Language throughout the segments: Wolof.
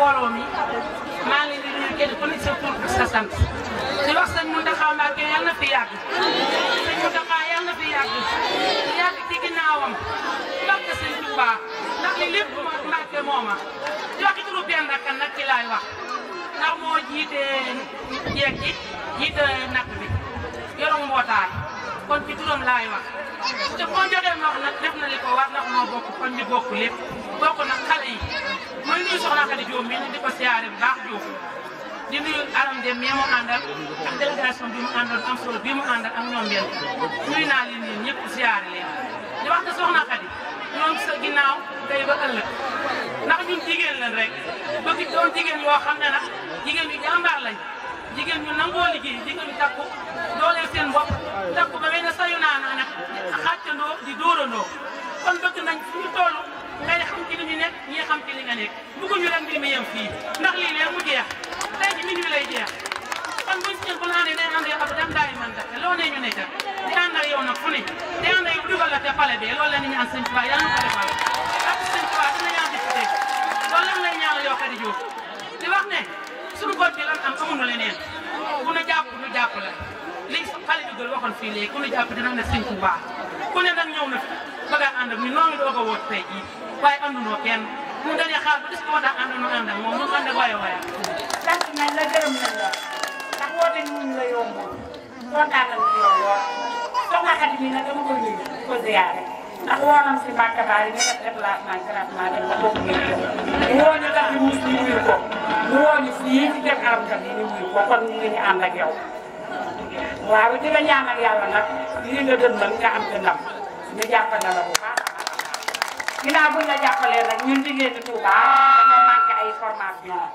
mbooloo mi maa ngi leen di nuyu kenn ku nekk sa tur sa sant di wax sëñ Mountakha yal na fi yàgg sëñ na fi yàgg yàgg ci ginnaawam barke sëñ Touba ndax li lépp moo Mbacké mooma di turu benn rakkan nag ci laay wax ndax moo jiite jeeg ji jiite nag bi yoroon mbootaay kon ci turam laay wax te boo joxee moo kon ñu bokk lépp bokk nag xale yi di nuyu soxna Khady Diop mi di ko siyaare bu baax Diop di nuyu aram dem mi mu àndal ak délégation bi mu àndal am solo bi mu àndal ak ñoom benn nuyu naa leen yéen ñëpp siyaare leen di wax soxna Khady ñoom sa ginnaaw tey ba ëllëg ndax ñun jigéen lañ rek bëgg doon jigéen yoo xam ne nag jigéen yu jàmbaar lañ jigéen ñu nangoo liggéey jigéen ñu takku dooleel seen bopp takku ba mel ne sayu naa na nag xàccandoo di dóorandoo kon bëgg nañ fu ñu nga ne xam ci li ñu nekk ñi xam ci li nga nekk bëgguñu rek mbir mi yem fii ndax lii lee mu jeex tey ji minuit lay jeex kon buñ si jël bu naan day ànd ak dam daay man da loo ne ñu ne ca di ànd ak yow nag fu ne di ànd ak yow dugal la te pale bi loolu la nit ñi am sëñ Tuubaa yàlla na ko defal ak sëñ Tuubaa dinañ am député loolu lan lay ñaanal yow Khady Diouf di wax ne suñu bopp bi lan am amuñu leneen bu nu jàpp nu jàpp la li xale bi gën waxoon fii léegi ku nu jàpp dina ne sëñ Tuubaa ku ne nag ñëw na fi bëgg a ànd ak ñun noonu doog a woot tey jii waaye àndunoo kenn mu dañuy xaar ba gis nga moo tax àndunoo ànd ak moom mu ànd ak waaye waaye. sant nañ la gërëm nañ la ndax woote ñu la yomboon kontaan nañ ci yow lool soxna Xadi mi nag dama ko nuyu ko ziyaare ndax woo nañ si Mbacke Ba yi ñu def déplacement gratuitement dem ba bokk ngeen ko woo ñu tax ñu mus ñu wuyu ko ñu woo ñu fii ci def aram kat yi ñu wuyu ko kon ñu ngi ñu ànd ak yow. waaw di la ñaanal yàlla nag lii nga dënmal nga am ci ndam ñu jàppandala bu ginnaaw buñ la jàppalee nag ñun jigéen ñi Touba dañoo manqué ay formation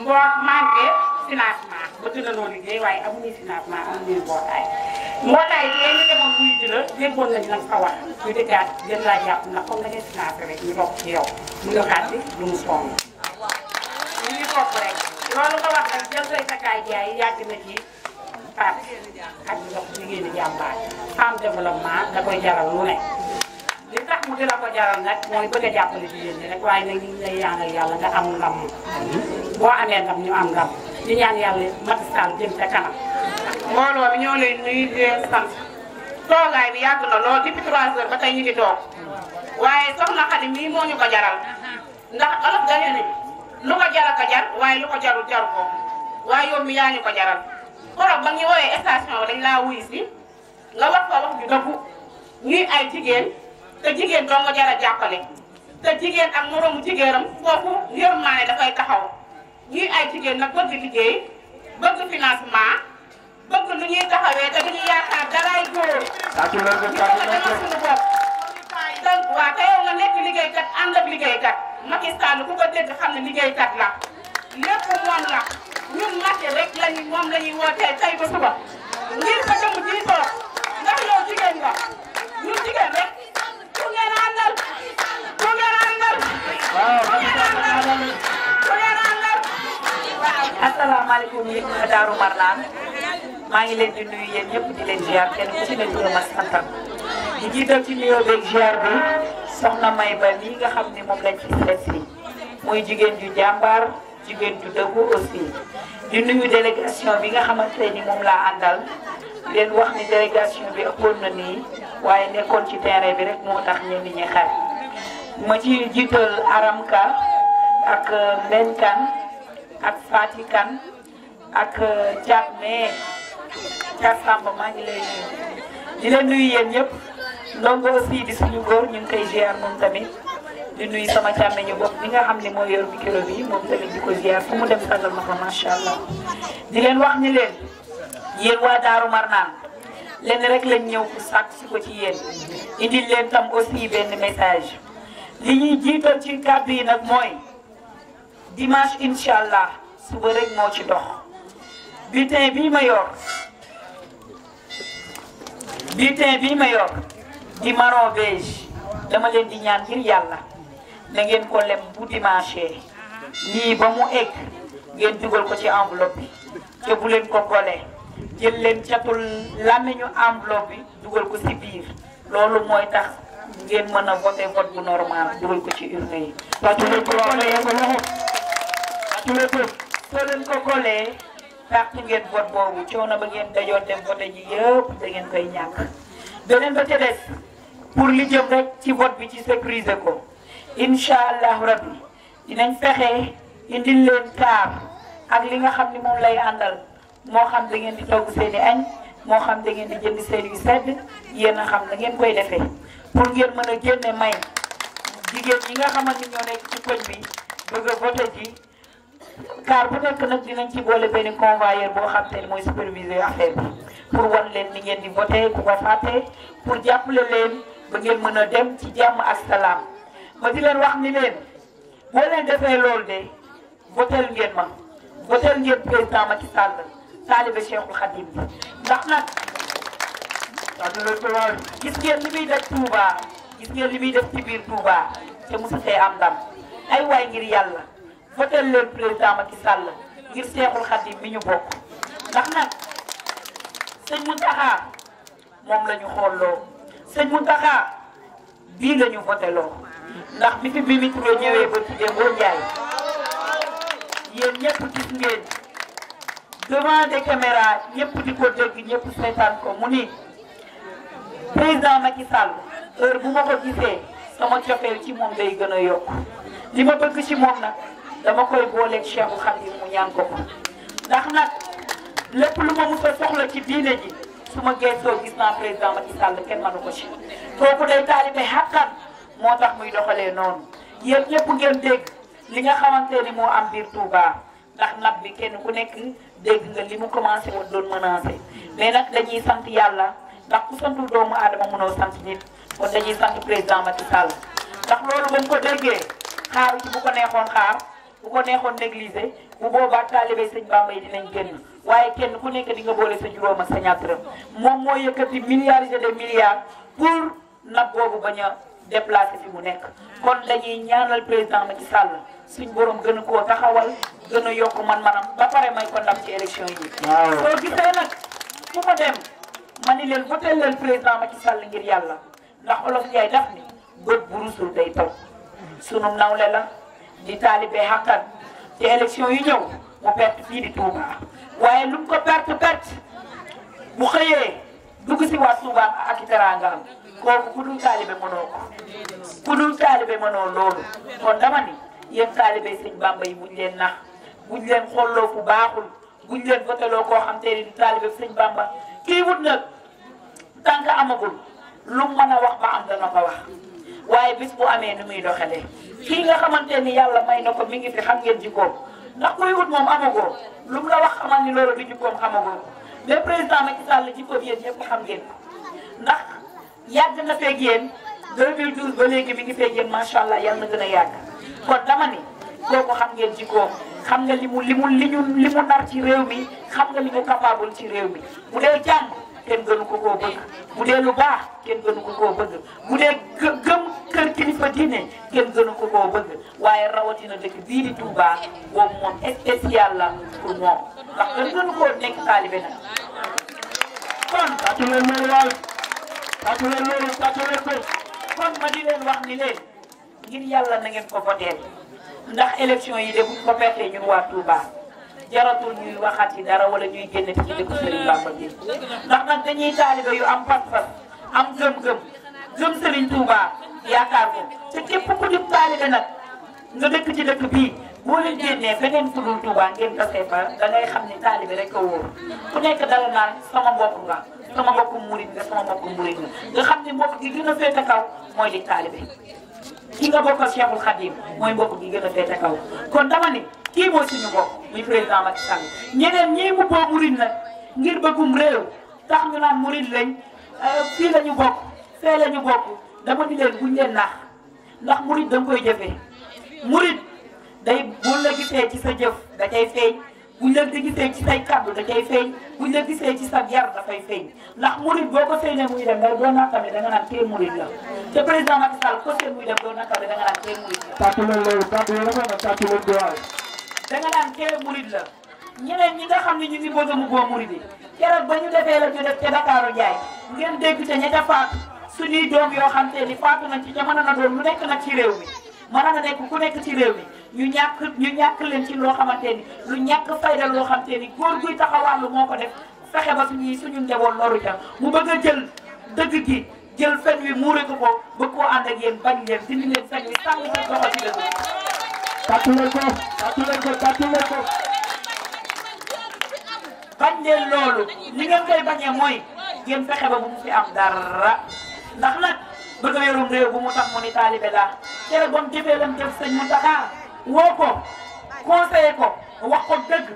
mboot manqué financement bëgg na noo liggéey waaye amuñu financement amuñu mbootaay mbootaay bi yéen ñu demoon muy dina ñu dëkkaat gën laa jàpp ndax ñu toog ci yow ñu mu sonn ñu ngi rek loolu nga wax nag jël say takkaay jaay yàgg na ci parti ak ñu dox jigéen ñi jàmbaar am développement da koy jaral ne lépp di la ko jaral nag mooy bëgg a jàppale jigéen ñi rek waaye nag ñu ngi lay ñaanal yàlla nga am ndam boo amee am ndam di ñaan yàlla Macky Sall jëm ca kanam mbooloo bi ñoo leen nuyu di leen sant toogaay bi yàgg na lool depuis 3 ñu moo ñu ko jaral ndax olof dañu ne lu ko jaral ko jar waaye lu ko jarul jar ko waaye yow mi yaa ñu ko jaral korog ba ñu woowee station dañ laa wuyu si nga wax ko wax ju dëggu ñuy ay jigéen te jigéen doo nga jar a jàppale te jigéen ak moroomu jigéenam kooku yërmaane dafay taxaw ñii ay jigéen la bëgg liggéey bëgg financement bëgg lu ñuy taxawee te duñu yaakaar daraay góor ñu demal suñu bopp donc waa te yow nga nekk liggéeykat ànd ak liggéeykat Macky Sall ku ko dégg xam ne liggéeykat la lépp moom la ñun Macky rek lañu moom la ñuy wootee tey ba suba ngir ko jëm jiitoo ndax yow jigéen nga ñun jigéen rek asalaamaaleykum yéen ñi Daaru Marnaan maa ngi leen di nuyu yéen ñëpp di leen ziar kenn ku di jiital ci nuyoo bi soxna May Ba lii nga xam ni moom lañ ci seet si muy jigéen ju jàmbaar jigéen ju dëggu aussi di nuyu délégation bi nga xamante ni moom laa àndal leen wax ni délégation bi ëppoon na nii waaye nekkoon ci terrain bi rek moo tax ñenn ñi xaar. ma ci jiital Aram Ka ak Mbène Kane ak Fati Kane ak euh, Thiat mais Thiat Samba maa ngi lay nuyu di leen nuyu yéen ñëpp ndongo aussi di suñu góor ñu ngi koy ziar moom tamit di nuyu sama càmmeñu bopp bi nga xam ni moo yor micro bi moom tamit di ko ziar fu mu dem sagal ma ko macha allah dileen wax ni leen yéen waa Daaru Marnaan leen rek lañ ñëw pour sàkk si ko ci yéen indil leen tam aussi benn message. li ñuy jiital ci kàddu yi nag mooy dimanche incha allah suba rek moo ci dox butin bii ma yor butin bii ma yor di marron dama leen di ñaar ngir yàlla na ngeen ko lem bu dimanche lii ba mu egg ngeen dugal ko ci enveloppe bi te bu leen ko gole jël leen catul làmmiñu enveloppe bi dugal ko ci biir loolu mooy tax ngeen mën a voté vote bu normal dugal ko ci urne yi. parce ko xoolee ko xoolee perte ngeen vote boobu coono ba ngeen dajoon dem voté ji yëpp da ngeen koy ñàkk. beneen ba ca pour li jëm rek ci vote bi ci sécuriser ko incha allahu rabbi dinañ fexe indil leen kaar ak li nga xam ni moom lay àndal moo xam da ngeen di togg seen i añ moo xam da di jënd seen i sedd yéen xam na ngeen koy defee. pour ngeen mën a génne may jigéen ñi nga xamante ñoo nekk ci koñ bi bëgg a voté ji car bu nekk nag dinañ ci boole benn convoyeur boo xam te mooy superviser affaire bi pour wan leen ni ngeen di voté ku ko fàtte pour jàppale leen ba ngeen mën a dem ci jàmm ak salaam ma di leen wax ni leen boo leen defee loolu de votel ngeen ma votel ngeen président Macky Sall taalibe Cheikhul Khadim bi ndax nag gis ngeen li muy def Touba gis ngeen li muy def ci biir Touba te mosu see am ndam ay waay ngir yàlla votel leen président Macky sàll ngir seexul xadim mi ñu bokk ndax nag sëñ Mountakha moom la ñu xoolloo sëñ Mountakha bii lañu ñu voteloo ndax bi fi Mimi Touré ñëwee ba ci Demba Ndiaye yéen ñëpp gis ngeen devant des caméras di ko dégg ñëpp seetaan ko mu ni président Macky Sall heure bu ma ko gisee sama cofeel ci moom day gën a yokk li ma bëgg ci moom nag dama koy booleeg xam Khadim mu ñaan ko ko ndax nag lépp lu ma mos a soxla ci diine ji su ma geesoo gis naa président Macky Sall kenn mënu ko ci kooku day taalibe xàqan moo tax muy doxalee noonu yéen lépp ngeen dégg li nga xamante ni moo am biir Touba ndax nab bi kenn ku nekk dégg nga li mu commencé woon doon mais nag dañuy sant yàlla. ndax ku santul doomu aadama mënoo sant nit kon dañuy sant président Macky Sall ndax loolu ba mu ko déggee xaaru ci bu ko neexoon xaar bu ko neexoon négligé bu boobaa taalibé sëñ Bamba yi dinañ génn waaye kenn ku nekk di nga boole sa juróom ak sa ñaataram moom moo yëkkati milliards de milliards pour nag boobu bañ a déplacé fi mu nekk. kon dañuy ñaanal président ma Macky Sall suñ boroom gën koo taxawal gën a yokk man-manam ba pare may ko ndam ci élection yi. soo gisee nag ma ni leen voté leen président Macky Sall ngir yàlla ndax olof Ndiaye daf ni bët bu rusul day taw sunu nawle la di taalibe xàqan te élection yu ñëw mu perte fii di Touba waaye lu mu ko perte perte bu xëyee dugg si waa Touba ak i teraangaam kooku ku dul taalibe mënoo ko ku dul taalibe mënoo loolu kon dama ni yéen taalibe sëñ Bamba yi buñ leen nax buñ leen xolloo ku baaxul buñ leen voteloo koo xam te ni du taalibe sëñ kii wut nag tànk amagul lu mën a wax ba am dana ko wax waaye bis bu amee nu muy doxalee kii nga xamante ni yàlla may na ko mi ngi fi xam ngeen jikkoom ndax kuy wut moom amagoo lu mu la wax xamal ni loolu du jikkoom xamagoo mais président Macky Sall jikkoom yéen yépp xam ngeen ndax yàgg na feeg yéen 2012 ba léegi mi ngi feeg yéen macha allah yàlla na gën a yàgg kon dama ni kooku xam ngeen jikkoom. xam nga li mu li mu li mu nar ci réew mi xam nga li mu capable ci réew mi bu dee jàng kenn gënu ko koo bëgg bu dee lu baax kenn gënu ko koo bëgg bu dee gëm kër kilifa diine kenn gënu ko koo bëgg waaye rawatina dëkk bii di Touba boobu moom spécial la pour moom ndax kenn gënu koo nekk taalibe nag kon tàccu leen loolu waay kon ma di wax ni leen ngir yàlla nangeen ngeen ko voteel ndax élection yi de bu ko pertee ñun waa Touba jaratul ñuy waxati dara wala ñuy génn ci dëkk Serigne Bamba bi ndax nag dañuy taaliba yu am pas-pas am gëm-gëm gëm Serigne Touba yaakaar ko te képp ku di taaliba nag nga dëkk ci dëkk bii boo leen génnee beneen tudul Touba ngeen tasee fa da ngay xam ne taaliba rek ko wóor ku nekk dara naan sama mbokk nga sama mbokku murit nga sama mbokku murit nga nga xam ne mbokk gi gën a féete kaw mooy di taaliba. ki nga bokkal Cheikhul Khadim mooy bokk gi gën a féete kaw kon dama ni kii mooy suñu mbokk muy président Macky Sall ñeneen ñii mu boo murid nag ngir bëggum réew tax ñu naan murid lañ euh, fii la ñu bokk fee la ñu bokk dama ni leen buñ leen nax ndax murid da nga koy jëfee murid day bu la gisee ci sa jëf da cay feeñ buñ la gisee ci say kàddu da cay feeñ la gisee ci sa yar dafay feeñ ndax murid boo ko feeñee muy dem ngay doo nattale da nga naan kii murid la dem doo nattale da nga naan kii murid la. tàccu ñeneen ñi nga xam ne ñu ngi bëgg mu boo murid yi keroog ba ñu defee rek ñu def ca Dakar Ndiaye ngeen dégg te ña ca faatu suñuy doom yoo xam te ni faatu nañ ci jamono na doon lu nekk na ci réew mi mën na nekk ku nekk ci réew mi ñu ñàkk ñu ñàkk leen ci loo xamante ni lu ñàkk fayda loo xamante ni góor guy taxawàllu moo ko def fexe ba suñuy suñu njaboot loru ca mu bëgg a jël dëgg gi jël fen wi muure ko ko bëgg koo ànd ak yéen bañ leen dindi leen fen wi sànni seen loxo ci dëgg. ko tàttu leen ko tàttu leen bañ leen loolu li nga koy bañee mooy ngeen fexe ba bu mu fi am dara ndax nag bëgg a yorum réew bu mu tax mu ni taalibe laa cere bon jëfee lam jëf sëñ mu taxaa woo ko conseillé ko wax ko dëgg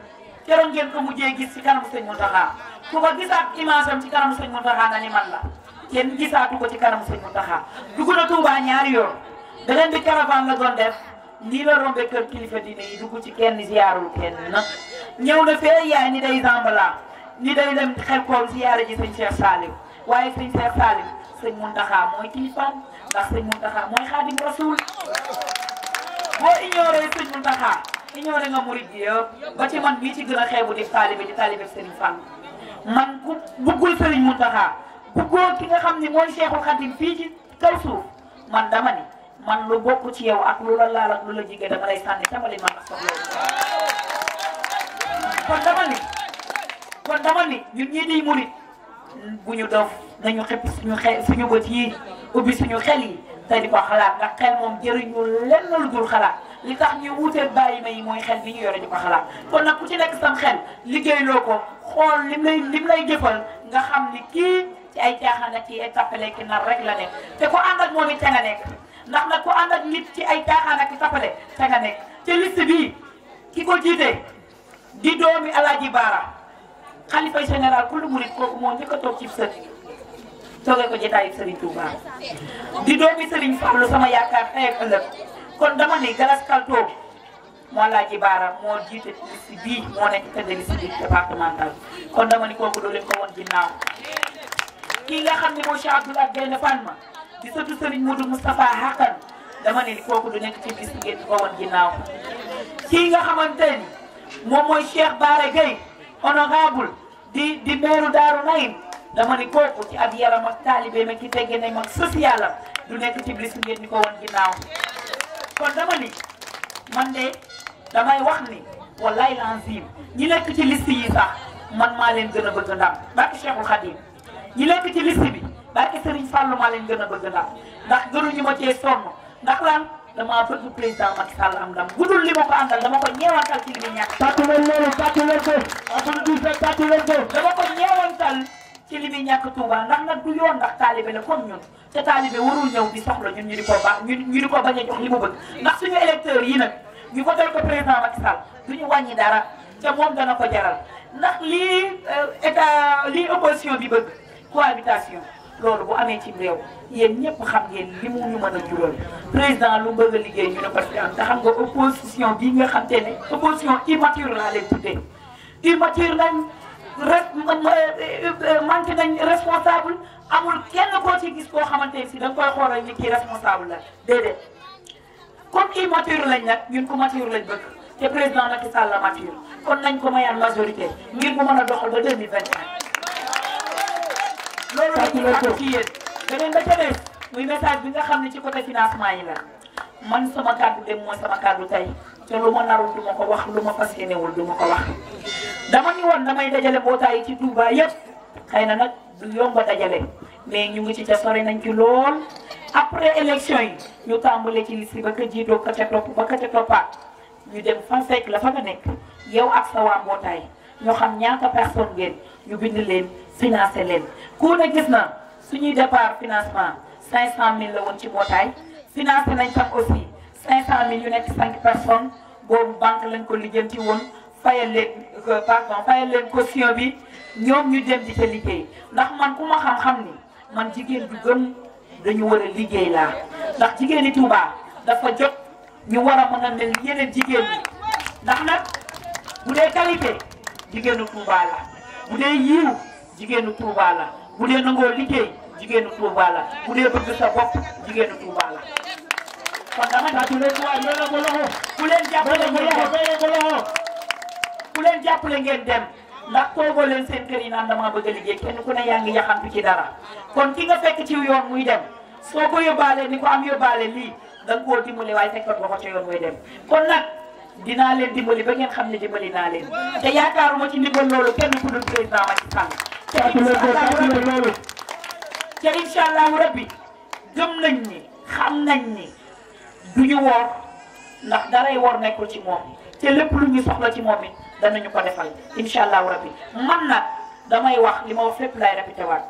keroog ngeen ko mujjee gis ci kanamu sëñ Mountakha ku ko gisaat image am ci kanamu sëñ Mountakha nga ni man la kenn gisaatu ko ci kanamu sëñ Mountakha dugg na Touba ñaari yoon beneen bi caravane la doon def nii la rombe kër kilifa diine yi dugg ci kenn ziyaarul kenn na ñëw na fee yaay ni day zambala ni day dem xel kool a ji sëñ Cheikh Salim waaye sëñ Cheikh Salim sëñ Mountakha mooy kilifaam ndax sëñ Mountakha boo ignoré sëñ Muntaxa ignoré nga murid yi yëpp ba ci man mii ci gën a xeebu di taalibe di taalibe Serigne Fall man ku buggul Serigne Muntaxa góor ki nga xam ni mooy Cheikhul Khadim fii ci kaw suuf man dama ni man lu bokk ci yow ak lu la laal ak lu la jigéen dama lay sànni tàmbali ma la soxla kon dama ni kon dama ni ñun ñii di murid bu ñu dof nañu xëpp suñu xel suñu bët yi ubbi suñu xel yi. te di ko xalaat ndax xel moom jëriñu lenn lu dul xalaat li tax ñu wuute bàyyi ma yi mooy xel bi ñu yore di ko xalaat kon nag ku ci nekk sam xel liggéeyloo ko xool lim lay lim lay jëfal nga xam ni kii ci ay caaxaan ak ci ay tappale ki nar rek la nekk te ko ànd ak moom it te nga nekk ndax nag ko ànd ak nit ci ay caaxaan ak i tappale te nga nekk te liste bii ki ko jiite di doomi Alaaji Baara xalifa général ku lu murit kooku moo njëkk a toog ci sët toogee ko jotaayu Serigne Touba di doomi Serigne Fallou sama yaakaar tey ak kon dama ni Galas Kaltoum moo laa ji baaraam moo jiite liste bii moo nekk tëdd liste bi départemental kon dama ni kooku doo kii nga xam ne mooy Cheikh Abdoul di sëtu Serigne Modou Moustapha Hakan dama ne kooku du nekk ci liste ko woon ginnaaw kii nga xamante moom mooy Cheikh Bara Gueye honorable di di meeru Daaru Naim dama ni kooku ci ab yaram ak taalibe ma ki tegge nañ mag social am du nekk ci bis ngeen ñu ko wan ginnaaw kon dama ni man de damay wax ni wallaay lanzim ñi nekk ci liste yi sax man maa leen gën a bëgg ndam barke Cheikhul Khadim ñi nekk ci liste bi barke Serigne Fallou maa leen gën a bëgg ndam ndax gënuñu ma cee sonn ndax lan damaa bëgg président Macky Sall am ndam budul li ma ko àndal dama ko ñeewantal ci li mu ñàkk. tàccu leen loolu tàccu leen ko. Abdou ci li muy ñàkk Touba ndax nag du yoon ndax taalibe la comme ñun te taalibe warul ñëw di soxla ñun ñu di ko ba ñu ñu di ko bañ a jox li mu bëgg ndax suñu électeurs yi nag ñu votal ko président Macky Sall du ñu wàññi dara te moom dana ko jaral ndax lii euh, état lii opposition bi bëgg cohabitation loolu bu amee ci réew yéen ñëpp xam ngeen li mu ñu mën a jural président lu bëgg a liggéey ñu ne parce que am te xam nga opposition bii nga xam te ne opposition immature laa leen tuddee immature nañ manqué nañ responsable amul kenn koo ci gis koo xamante si da nga koy xoolal ni kii responsable la déedéet comme kii mature lañ nag ñun ko mature lañ bëgg te président Macky Sall la mature kon nañ ko mayaan majorité ngir mu mën a doxal ba 2021 loolu la ñuy xaar ci yéen beneen ba ca des muy message bi nga xam ne ci côté financement yi la man sama kàddu dem mooy sama kàddu tey te lu ma narul du ma ko wax lu ma fas yéenewul du ma ko wax dama ni woon damay dajale yi ci Touba yëpp xëy na nag du yomb dajale mais ñu ngi ci ca sore nañ ci lool après élection yi ñu tàmbalee ci liste ba ka jiitoo ka ca topp ba ka ca toppaat ñu dem fa fekk la fa nga nekk yow ak sa waa mbootaay ñoo xam ñaata personne ngeen ñu bind leen financé leen ku ne gis na suñuy départ financement 500000 la woon ci mbootaay financé nañ tam aussi 500000 yu nekk cinq personnes boobu banque lañ ko lijjanti woon fayal leen euh, pardon fayal leen caution bi ñoom ñu dem di ca liggéey ndax man ku ma xam-xam ni man jigéen ju gën dañu war a liggéey laa ndax jigéen yi Touba dafa jot ñu war a mën a mel yeneen jigéen ñi ndax nag bu dee qualité jigéenu Touba la bu dee jigéenu Touba la bu dee nangoo liggéey jigéenu Touba la bu bëgg sa bopp jigéenu Touba la kon dama tax leen waay leen jàppale ko loxo bu leen jàppale ngeen dem ndax toogoo leen seen kër yi naan damaa bëgg a liggéey kenn ku ne yaa ngi yaxantu ci dara kon ki nga fekk ci yoon muy dem soo ko yóbbaale ni ko am yóbbaale lii da nga koo dimbali waaye fekkoon nga ko ca yoon muy dem kon nag dinaa leen dimbali ba ngeen xam ne dimbali naa leen te yaakaaruma ci ndimbal loolu kenn ku dul président Macky Sall te incha allahu rabbi gëm nañ ni xam nañ ni duñu woor ndax daray woor nekkul ci moom te lépp lu ñu soxla ci moom it danañu ko defal incha allahu rabbi man nag damay wax li ma wax lépp lay répété waat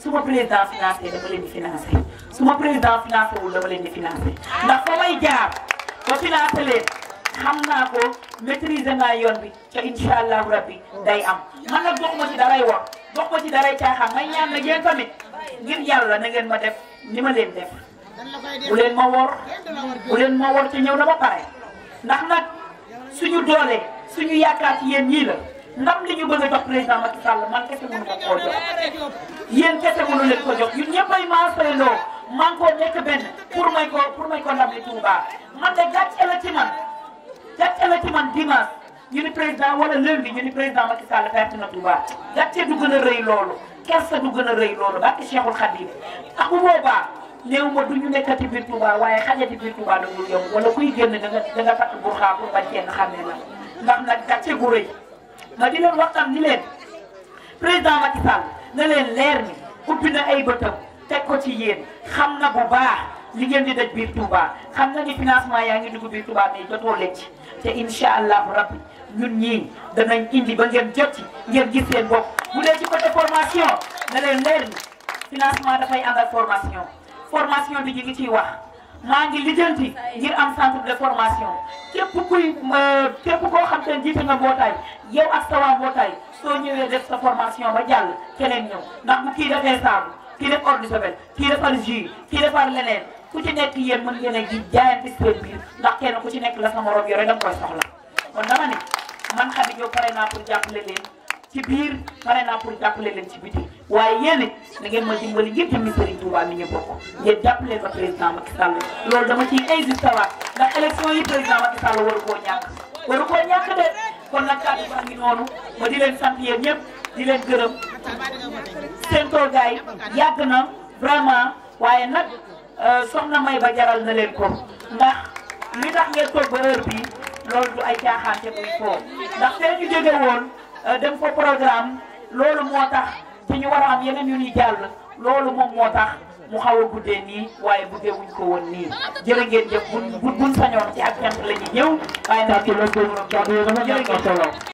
su ma président financé dama leen di financé su ma président naa wul dama leen di financé ndax fa may jaar ba financé leen xam naa ko maîtriser naa yoon bi te incha rabbi day am man nag dox ma ci daray wax dox ma ci daray caaxaan may ñaan nag yéen tamit ngir yàlla na ngeen ma def ni ma leen def bu leen ma wor bu leen ma wor te ñëw na ba pare ndax nag suñu doole. suñu yaakaar ci yéen ñii la ndam li ñu bëgg a jox président Macky Sall man kese mënu ko koo jox yéen kese mënu leen ko jox ñun ñëppay maasee loo man koo nekk benn pour may ko pour may ko ndam li Touba man de gàcce la ci man gàcce la ci man dimanche ñu ni président wala lundi ñu ni président Macky Sall perte na Touba gàcce du gën a rëy loolu kersa du gën a rëy loolu barke Cheikhul Khadim ak bu boobaa néew ma du ñu nekkati biir Touba waaye xajati biir Touba da dul yomb wala kuy génn da nga da nga takk burxaa pour bañ kenn xàmmee la ndax nag gàcce gu rëy ma di leen waxtaan ni leen président Macky Sall na leen leer ni ubbi na ay bëtam teg ko ci yéen xam na bu baax li ngeen di daj biir Touba xam na ni financement yaa ngi dugg biir Touba mais jotoo leen ci te incha allahu rabbi ñun ñii danañ indi ba ngeen jot ci ngeen gis seen bopp bu dee ci côté formation na leen leer ni financement dafay ànd ak formation formation bi ñu ngi ciy wax. maa ngi lijjanti ngir am centre de formation képp kuy euh, képp koo xam te jiite na mbootaay yow ak sa waa mbootaay soo ñëwee def sa formation ba jàll keneen ñëw ndax bu kii defee saabu kii de javel kii defar jus kii defar leneen ku ci nekk yéen mën ngeen a ji jaayante seen biir ndax kenn ku ci nekk la sa morom yore da nga koy soxla kon dama ne man xam ne yow pare naa pour jàppale leen ci biir pare naa pour jàppale leen ci biti. waaye yéen it ngeen ma dimbali ngir jëmmi Serigne Touba mi ñu bokk ngeen jàppale ko président Macky Sall loolu dama ciy insisté waat ndax élection yi président Macky Sall waru koo ñàkk waru koo ñàkk de kon nag kàddu baa ngi noonu ma di leen sant yéen di leen gërëm seen toogaay yàgg na vraiment waaye nag euh, soxna may ba jaral na leen ko ndax li tax ngeen toog ba heure bii loolu du ay caaxaan te muy foo ndax fee ñu jóge euh, dem ko programme loolu moo tax fi ñu war a am yeneen yu ñuy jàll loolu moom moo tax mu xaw a guddee nii waaye guddee wuñ ko woon nii jërë ngeen jëf buñ buñ sañoon ci ak cant la ñuy ñëw waaye ndax ci loolu jërë ngeen jëf